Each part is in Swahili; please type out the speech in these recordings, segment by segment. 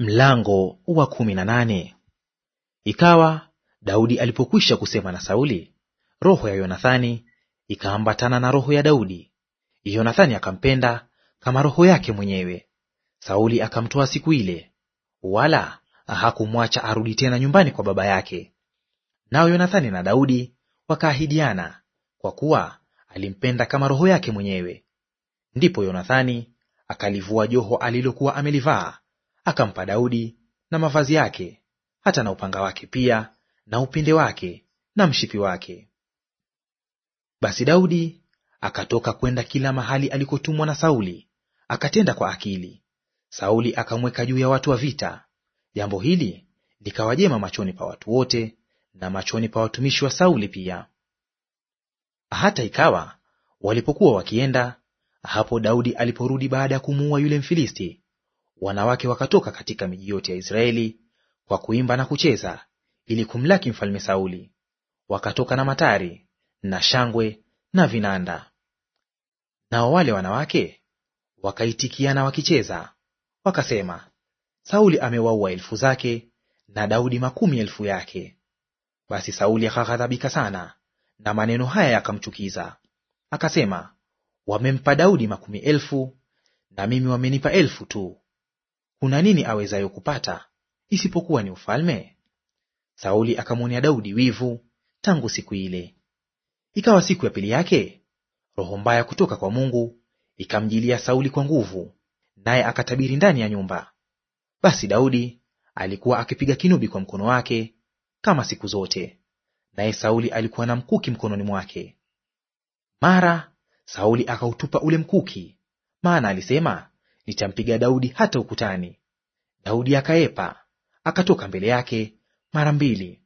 Mlango wa kumi na nane. Ikawa Daudi alipokwisha kusema na Sauli, roho ya Yonathani ikaambatana na roho ya Daudi. Yonathani akampenda kama roho yake mwenyewe. Sauli akamtoa siku ile, wala hakumwacha arudi tena nyumbani kwa baba yake. Nao Yonathani na Daudi wakaahidiana, kwa kuwa alimpenda kama roho yake mwenyewe. Ndipo Yonathani akalivua joho alilokuwa amelivaa akampa Daudi na mavazi yake, hata na upanga wake pia na upinde wake na mshipi wake. Basi Daudi akatoka kwenda kila mahali alikotumwa na Sauli, akatenda kwa akili. Sauli akamweka juu ya watu wa vita. Jambo hili likawa jema machoni pa watu wote na machoni pa watumishi wa Sauli pia. Hata ikawa walipokuwa wakienda, hapo Daudi aliporudi baada ya kumuua yule Mfilisti, Wanawake wakatoka katika miji yote ya Israeli kwa kuimba na kucheza ili kumlaki mfalme Sauli. Wakatoka na matari na shangwe na vinanda. Nao wale wanawake wakaitikiana wakicheza, wakasema, Sauli amewaua elfu zake na Daudi makumi elfu yake. Basi Sauli akaghadhabika sana, na maneno haya yakamchukiza. Akasema, wamempa Daudi makumi elfu na mimi wamenipa elfu tu kuna nini awezayo kupata isipokuwa ni ufalme? Sauli akamwonea Daudi wivu tangu siku ile. Ikawa siku ya pili yake, roho mbaya kutoka kwa Mungu ikamjilia Sauli kwa nguvu, naye akatabiri ndani ya nyumba. Basi Daudi alikuwa akipiga kinubi kwa mkono wake kama siku zote, naye Sauli alikuwa na mkuki mkononi mwake. Mara Sauli akautupa ule mkuki, maana alisema, nitampiga Daudi hata ukutani. Daudi akaepa, akatoka mbele yake mara mbili.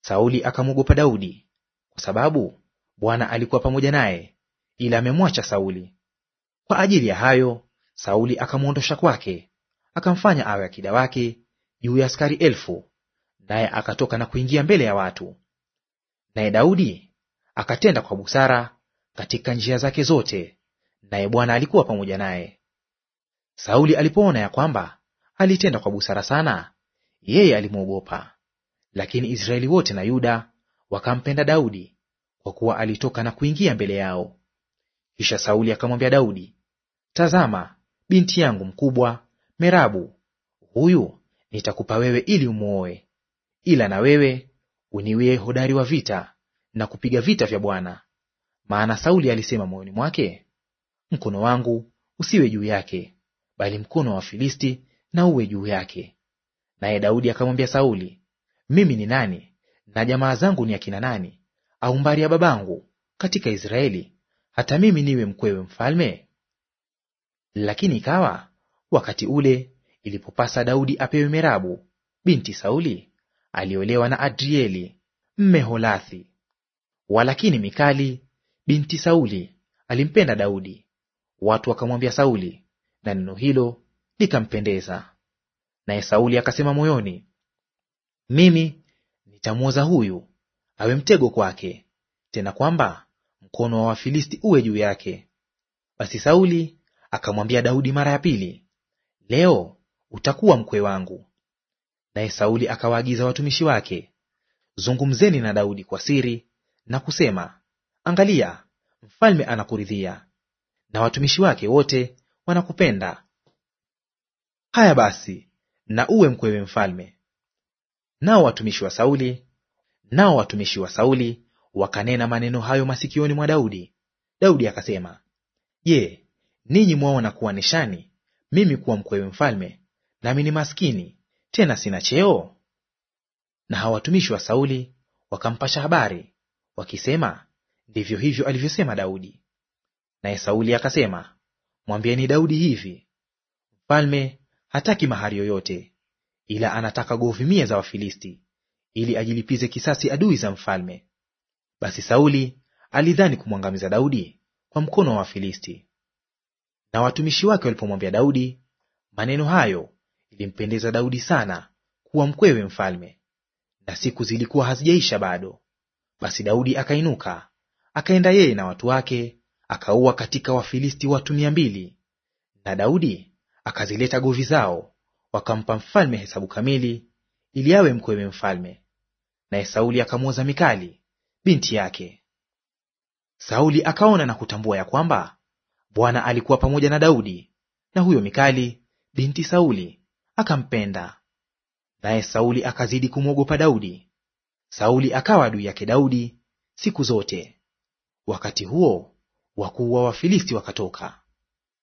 Sauli akamwogopa Daudi kwa sababu Bwana alikuwa pamoja naye, ila amemwacha Sauli. Kwa ajili ya hayo Sauli akamwondosha kwake, akamfanya awe akida wake juu ya askari elfu, naye akatoka na kuingia mbele ya watu. Naye Daudi akatenda kwa busara katika njia zake zote, naye Bwana alikuwa pamoja naye. Sauli alipoona ya kwamba alitenda kwa busara sana, yeye alimwogopa. Lakini Israeli wote na Yuda wakampenda Daudi, kwa kuwa alitoka na kuingia mbele yao. Kisha Sauli akamwambia Daudi, tazama, binti yangu mkubwa Merabu huyu nitakupa wewe ili umwoe, ila na wewe uniwie hodari wa vita na kupiga vita vya Bwana. Maana Sauli alisema moyoni mwake, mkono wangu usiwe juu yake, bali mkono wa Wafilisti na uwe juu yake. Naye Daudi akamwambia Sauli, mimi ni nani na jamaa zangu ni akina nani, au mbari ya babangu katika Israeli, hata mimi niwe mkwewe mfalme? Lakini ikawa wakati ule ilipopasa Daudi apewe Merabu binti Sauli, aliolewa na Adrieli Mmeholathi. Walakini Mikali binti Sauli alimpenda Daudi. Watu wakamwambia Sauli, na neno hilo likampendeza. Naye Sauli akasema moyoni, mimi nitamwoza huyu awe mtego kwake, tena kwamba mkono wa Wafilisti uwe juu yake. Basi Sauli akamwambia Daudi mara ya pili, leo utakuwa mkwe wangu. Naye Sauli akawaagiza watumishi wake, zungumzeni na Daudi kwa siri na kusema, angalia, mfalme anakuridhia. Na watumishi wake wote wanakupenda. Haya basi, na uwe mkwewe mfalme. Nao watumishi wa Sauli, nao watumishi wa Sauli wakanena maneno hayo masikioni mwa Daudi. Daudi akasema, Je, ninyi mwaona kuwa nishani mimi kuwa mkwewe mfalme, nami ni maskini tena sina cheo? Na hawa watumishi wa Sauli wakampasha habari wakisema, ndivyo hivyo alivyosema Daudi. Naye Sauli akasema, Mwambieni Daudi hivi, mfalme hataki mahari yoyote, ila anataka govi mia za Wafilisti ili ajilipize kisasi adui za mfalme. Basi Sauli alidhani kumwangamiza Daudi kwa mkono wa Wafilisti. Na watumishi wake walipomwambia Daudi maneno hayo, ilimpendeza Daudi sana kuwa mkwewe mfalme, na siku zilikuwa hazijaisha bado. Basi Daudi akainuka akaenda yeye na watu wake akaua katika Wafilisti watu mia mbili, na Daudi akazileta govi zao, wakampa mfalme hesabu kamili, ili awe mkwewe mfalme. Naye Sauli akamwoza Mikali binti yake. Sauli akaona na kutambua ya kwamba Bwana alikuwa pamoja na Daudi, na huyo Mikali binti Sauli akampenda. Naye Sauli akazidi kumwogopa Daudi. Sauli akawa adui yake Daudi siku zote. Wakati huo wakuu wa Wafilisti wakatoka.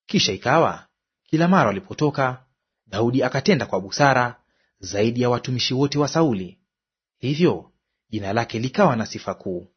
Kisha ikawa kila mara walipotoka, Daudi akatenda kwa busara zaidi ya watumishi wote wa Sauli, hivyo jina lake likawa na sifa kuu.